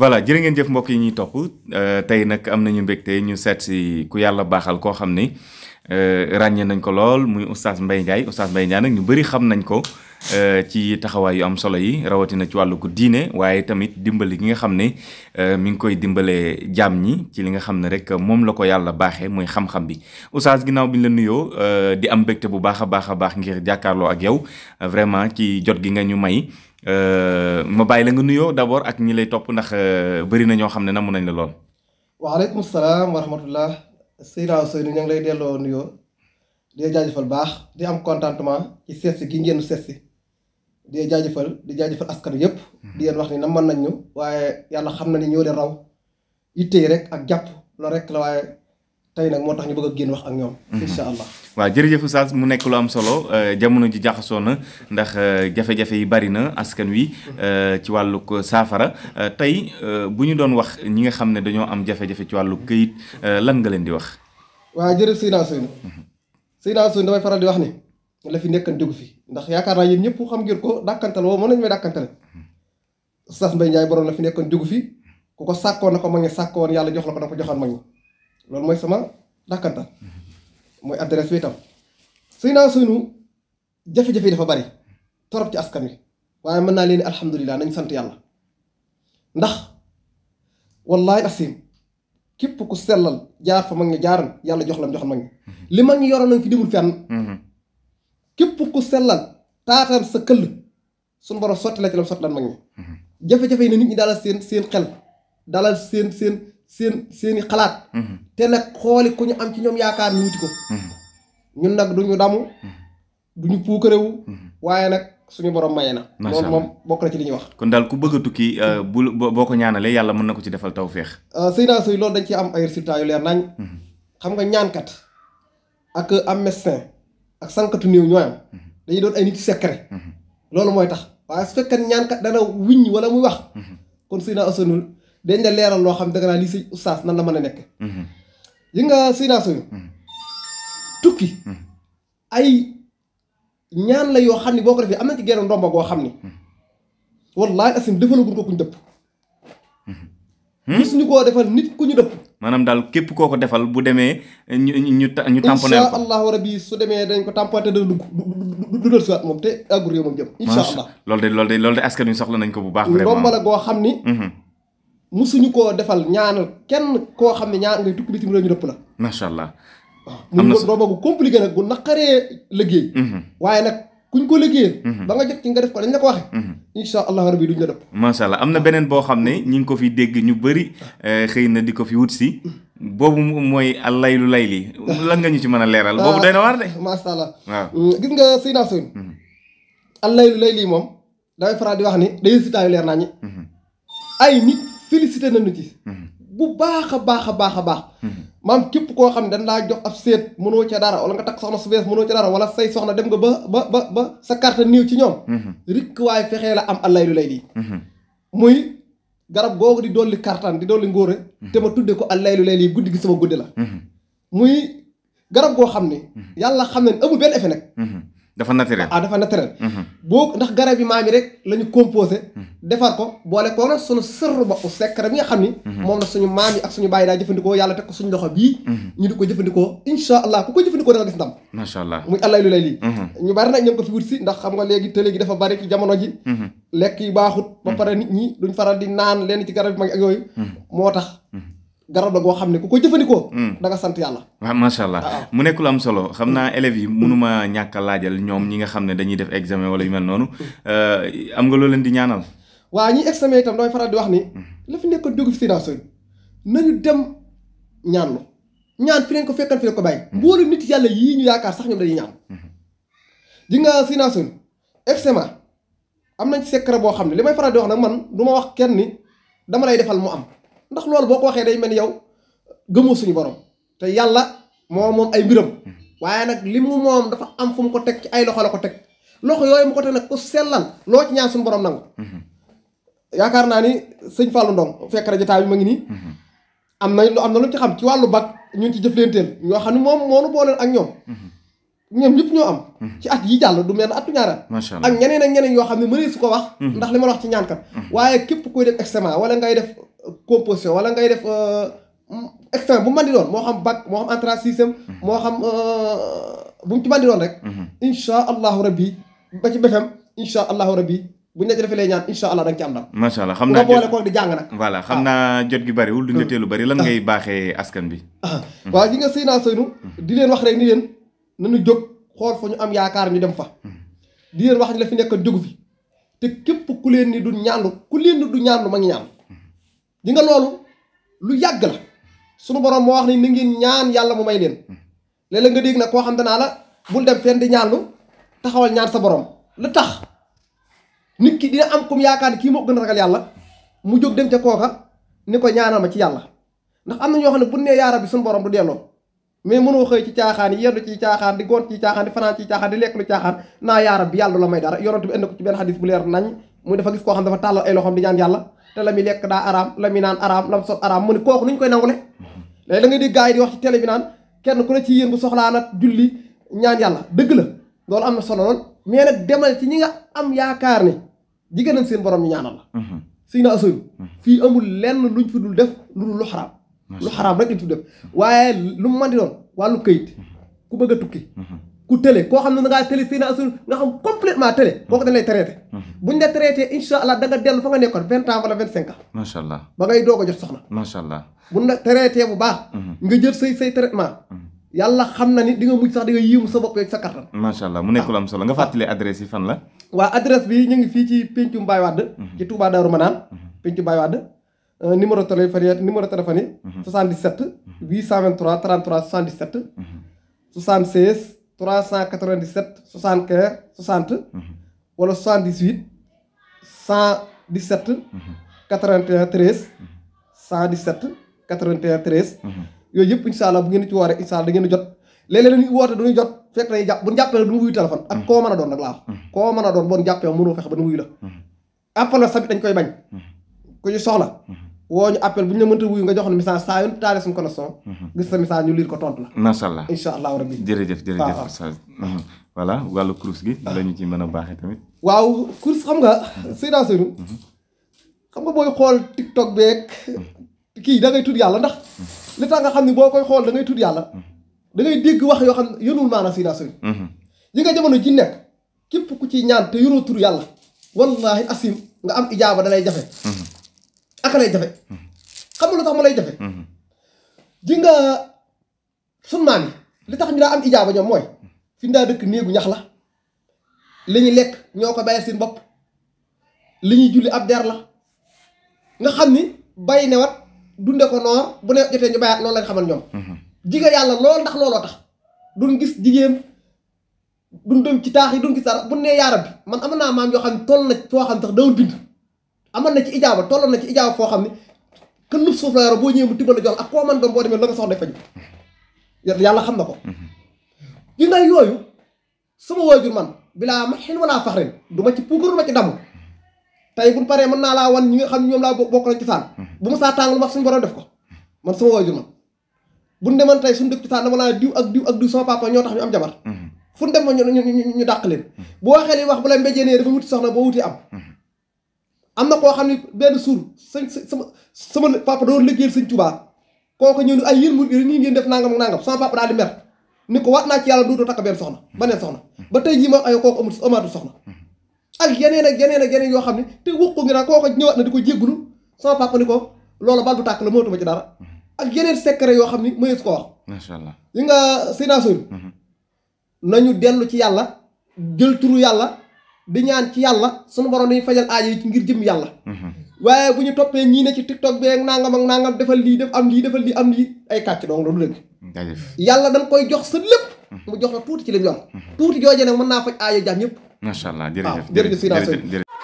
voilà jërë ngeen jëf mbokk yi ñuy topp euh, tey nag am na ñu mbégte ñu seet si ku yàlla baaxal koo xam ni euh, ràññee nañ ko lool muy oustaz Mbaye Ndiaye oustaz Mbaye Ndiaye nag ñu bëri xam nañ ko. Euh, ci taxawaay yu am solo yi rawatina ci wàllu ko diine waaye tamit dimbali ki nga xam ne euh, mi ngi koy dimbalee jaam ñi ci li nga xam ne rek moom la ko yàlla baaxee mooy xam-xam bi oustaz ginnaaw bi ñu la nuyoo euh, di am mbégte baax a baax a baax ngir jàkkaarloo ak yow vraiment ci jot gi nga ñu may ma bàyyi la nga nuyoo d'abord ak ñi lay topp ndax bëri na ñoo xam ne namu nañ la lool. waaleykum salaam wa rahmatullah Seydina Ousseynou ñu lay delloo nuyoo di jaajëfal baax di am contentement ci seet gi ngeen seet di jaajëfal di jaajëfal askan yëpp. Mhm. di leen wax ni nam man nañ ñu waaye yàlla xam na ni ñoo de raw yitte rek ak jàpp loolu rek la waaye tey nag moo tax ñu bëgg a génn wax ak ñoom. Mhm. incha allah. waa jërëjëf Oustaz mu nekk lu am solo euh, jamono ji jaxasoo na ndax euh, jafe-jafe yi bari na askan wi mhm. euh, ci wàllu saafara tey bu ñu doon wax ñi nga xam ne dañoo am jafe-jafe ci wàllu këyit lan nga leen di wax. waaye jërëjëf Seydina Seynou. Seydina Seynou damay faral di wax ni. la fi nekkan déggu fi ndax yaakaar naa yéen ñëpp xam ngeen ko dàkkantal woo mën nañu may dàkkantale Oustaz Mbaye Ndiaye borom la fi nekkoon déggu fi ku ko sàkkoo na ko mag ñi sàkkoon yàlla jox la ko ko joxoon mag ñi loolu mooy sama dàkkantal mooy adresse bi dafa bari torop ci askan wi waaye mën naa leen alhamdulilah nañ sant yàlla ndax wallaahi asim képp ku sellal jaar fa mag ñi jaaran yàlla jox lam joxoon mag li mag ñi yoroon nañ fi demul fenn mm-hmm. képp ku sellal taataan sa këll suñu borom sotti la ci la sotti lan mag ñi mhm. jafe-jafe yi ne nit ñi dalal seen seen xel dalal seen seen seen seeni xalaat mhm. te nag xooli ku ñu am ci ñoom yaakaar ñu wuti ko mhm. ñun nag duñu damu duñu puukarewu waaye nag suñu borom maye na loolu moom bokk na ci li ñuy wax kon daal ku bëgg tukki euh, bu boo ko ñaanalee yàlla mën na ko ci defal taw feex euh, sëy naa sëy loolu dañ ci am ay résultats yu leer nañ xam nga ñaankat ak am médecin ak sànkatu néew ñooy am mhm. dañuy doon ay nit secret mhm. loolu mooy tax waaye su fekkee ñaankat dana wiññ wala muy wax mhm. kon suy naa asanul dañ leeral loo xam ne nga naa lii sëñ oustaz nan la mën a nekk yi nga suy tukki ay ñaan la yoo xam ne boo ko defee am na ci genn ndomba goo xam ne wallaahi asim defalaguñ ko kuñ dëpp gis ñu koo defal nit ku ñu dëpp maanaam daal képp koo ko defal bu demee ñu ñu ñu tamponné ko incha allahu rabi su demee dañ ko tamponné dana dugg du dal siwaat moom te àggul yow moom jëm incha allah loolu de lool de loolu de askan wi soxla nañ ko bu baax vraiment ndomba la goo xam ni mm-hmm. musuñu koo defal ñaanal kenn koo xam ne ñaan ngay tukki bitim réew ñu dëpp la macha allah waaw mu ndomba gu compliqué nag gu naqaree liggéey mm-hmm. waaye nag kuñ ko liggéeyal mm-hmm. ba nga jot ci nga def ko dañ la ko waxe incha allah rabi duñ la dëpp. macha allah am na beneen boo xam ne ñi ngi ko fi dégg ñu bëri eh, xëy na di ko fi wut si boobu mooy allaylu layli lan nga ñu ci mën a leeral. boobu ah, doy na waar de. macha allah waaw mm, gis nga suy naa suy. allaylu layli moom damay faral di wax ni day résultat yu leer naa ñi. Mm-hmm. ay nit félicité nañu ci. Mm-hmm. bu baax a baax a baax a baax maam képp koo xam ne dañ laa jox ab séet mënoo ca dara wala nga takk soxna su bees mënoo ca dara wala say soxna dem nga ba ba ba ba sa karta niiw ci ñoom mhm. rikk waaye fexee la am allay lu lay lii mhm. muy garab googu di dolli kartaan di dolli ngóore mhm. te ma tuddee ko allay lu lay lii guddi gi sama guddi la muy garab goo xam ne yàlla xam ne amul benn effet nag dafa naturel ah dafa naturel. Mhm. boo ndax garab yi maam yi rek la ñu composé. Mhm. defar ko boole koo nag suñu sërru bopp secret bi nga xam ni. Mhm. moom la suñu maam yi ak suñu bàyyi daa jëfandikoo yàlla teg ko suñu loxo bii. ñu di ko jëfandikoo incha allah ku ko jëfandikoo da nga gis ndam. macha allah muy allah lu lay lii. ñu bari nag ñoom ko fi wut si ndax xam nga léegi télé dafa bari ci jamono ji. lekk yi baaxut. ba pare nit ñi duñ faral di naan lenn ci garab yi mag ak yooyu. moo tax. garab la goo xam ne ku ko jëfandikoo. Hmm. da sant yàlla. waaw macha allah mu nekk lu am solo xam naa élèves yi mënuma ñàkk a laajal ñoom ñi nga xam ne dañuy def examen wala yu mel noonu euh, am nga loo leen di ñaanal. waa ñi examen itam damay faral di wax ni. la fi nekkoon jógu fi finance nañu dem ñaan lu ñaan fi leen ko fekkal fi leen ko bàyyi. Hmm. mboolu nit yàlla yii ñu yaakaar sax ñoom dañuy ñaan. Hmm. di nga finance examen am nañ secret boo xam ne li may faral di wax nag man du wax kenn ni dama lay defal mu am. ndax loolu boo ko waxee day mel yow gëmoo suñu borom te yàlla moo moom ay mbiram waaye nag li mu moom dafa am fu mu ko teg ci ay loxo la ko teg loxo yooyu mu ko teg nag ku sellal loo ci ñaan suñu borom nangu yaakaar naa ni sëñ Fallou Ndong fekk na jotaay bi ma ngi nii am na lu am na lu ci xam ci wàllu bag ñun ci jëflanteel ñoo xam ne moom moo nu booleel ak ñoom ñoom ñëpp ñoo am ci at yi jàll du mel at atu ñaara ak ñeneen ak ñeneen yoo xam ne mënee su ko wax mm-hmm. ndax li ma la wax ci ñaan kat mm-hmm. waaye képp koy wala ngay def composition wala ngay def euh, extrait bu mën di doon moo xam bac moo xam entrée sixième mhm. moo xam euh, bu mu ci mën di doon rek mhm. insha allahu rabbi ba ci befem insha allahu rabbi bu ñu la ci defee lay ñaan incha allah da nga ci am macha allah xam naa boole ko di jàng nag. voilà xam ah. naa jot gi bariwul du njëtee lu bari lan ah. ngay baaxee askan bi. Ah. waaw gi nga sëy naa sëynu mhm. di leen wax rek ni leen nañu jóg xool foo ñu am yaakaar ñu dem fa. di leen wax ni la fi nekk jógu fi te képp ku leen ni du ñaandu ku leen ni du ñaandu ma ngi ñaandu. di nga loolu lu yàgg la sunu borom moo wax ni ni ngeen ñaan yàlla mu may leen hmm. léeg-léeg nga dégg na koo xam te naa la bul dem fenn di ñaanlu taxawal ñaan sa borom lu tax nit ki dina am comme yaakaar ni kii moo gën a ragal yàlla mu jóg dem ca kooka ni ko ñaanal ma ci yàlla ndax am na ñoo xam ne bu nee yaara bi suñu borom du delloo mais mënoo xëy ci caaxaan yi ci caaxaan di gont ci caaxaan di fanaan ci caaxaan di lekk lu caaxaan naa yaara bi yàlla la may dara yonent bi indi ko ci leer nañ muy dafa gis xam dafa tàllal ay loxoom di ñaan te la muy lekk daa araam la mi naan araam la mu sot araam mu ne kooku nuñ koy nangule léegi da ngay di gars yi di wax ci télé bi naan kenn ku ne ci yéen bu soxlaa nag julli ñaan yàlla dëgg la loolu am na solo lool mais nag demal ci ñi nga am yaakaar ni jigéen nañ seen borom ñu ñaanal la mhm. siy na asoyu mhm. fii amul lenn luñ fi dul def lu dul lu xaraam lu xaraam rek lañ fi def waaye lu mu mën di doon wàllu këyit mhm. ku bëgg a tukki ku tële koo xam ne da ngaa tële fii naa asul nga xam complètement tële kooku dañ lay traité mhm. buñ la traité insha allah da nga dellu fa nga ba ngay doog a jot soxna macha allah buñ la traité mhm. nga jël say say traitement mhm. yàlla xam na ni di nga mujj sax di nga yéemu sa bopp yooyu sa kattan macha allah mu nekk lu am solo nga ah. fàttali adresse yi fan la waaw adresse bi ñu ngi fii ci péncu Mbaye Wade ci Touba Darou Manaan péncu Mbaye Wade numéro euh, téléphone numéro téléphone yi 77 823 33 77 76 397 75 60. wala 78 117. 81 13. 117 81 13. yooyu yëpp incha allah bu ngeen ci wooree incha allah da ngeen di jot léeg-léeg dañuy woote du ñu jot fekk nañu jàpp bu ñu jàppee du ñu wuyu téléphone. ak koo mën a doon nag laa wax. mën doon boo ñu jàppee mënoo fexe ba nu wuyu la. appel la sabit dañ koy bañ. ku ñu soxla. woo appel bu ñu la mënta wuyu nga joxoon message saa yoon taale suñu connexion. Mhm. gis sa message ñu lire ko tontu la. macha allah incha allahu rabbi. jërëjëf jërëjëf oustaz mhm. voilà course gi. la ñu ci mën a baaxee tamit. waaw course xam nga. Seydou mhm. Seydou. xam nga booy xool TikTok beeg. kii da ngay yàlla ndax. li tax nga xam ni boo koy xool da ngay tudd yàlla. dangay dégg wax yoo xam ne yónul maanaam Seydou Seydou. yi nga jamono ji nekk képp ku ciy ñaan te yoroo tur yàlla walla wallaahi asim nga am ijaaba dalay jafe. aka lay jafe xam nga lu tax mu lay jafe ji nga sun maam yi li tax ñu daa am ijaaba ñoom mooy fi ñu daa dëkk néegu ñax la li ñuy lekk ñoo ko bàyyi seen bopp li ñuy julli ab der la nga xam ni bàyyi newat dunde ko noor bu ne jotee ñu bàyyaat loolu lañ xamal ñoom mhm. jiga yàlla lool ndax looloo tax duñ gis jigéen duñ dem ci taax yi duñ gis dara bu nee yaara bi man am naa maam yoo xam ne toll na foo xam tax dawul bind amoon na ci ijaaba tolloon na ci ijaaba foo xam ne këllub suuf la yoro boo ñëwee mu tibbal la jox ak koo man doon boo demee la nga soxla faju yàlla xam na ko gi nga yooyu sama waajur man bilaa ma xin walaa faxrin du ma ci puukar du ma ci damu tey buñ paree mën naa laa ñi nga xam ñoom laa bokk nañ ci saan bu ma saa tàngal wax suñu borom def ko man sama waajur man buñ demoon tey suñu dëkk ci saan dama naa diw ak diw ak diw sama ñoo tax ñu am jabar mhm. fu ñu dem ma ñu dàq leen bu waxee li wax bu la mbéjee dafa wuti soxna boo wuti am am na koo xam ne benn suur sañ sama sama papa doon liggéeyal sëñ Tuubaa kooku ñëw ne ay yéen murid nii ngeen def nangam ak nangam sama papa daal di mer ni ko waat naa ci yàlla dootoo takk benn soxna beneen soxna ba tey jii ma ay kooku amul amaatu soxna ak yeneen ak yeneen ak yoo xam ne te wax ko ngi naa kooku ñëwaat na di ko jéggalu sama papa ni ko loola bal bu tàkk la mootuma ci dara ak yeneen secret yoo xam ne mënees koo wax allah yi nga sénation mhm. nañu dellu ci yàlla jël turu yàlla di ñaan ci yàlla sunu borom dañu fajal aajo yi ci ngir jëm yàlla mhm. waaye bu ñu toppee ñii ne ci tiktok beeg nangam ak nangam defal lii def am lii defal lii am lii ay kàcc dong la du dëgg yàlla dañ koy jox sa lépp mhm. mu jox la tuuti ci li mu mhm. tuuti joojee nag mën naa faj aajo jaam ñëpp macha allah jërëjëf waaw jërëjëf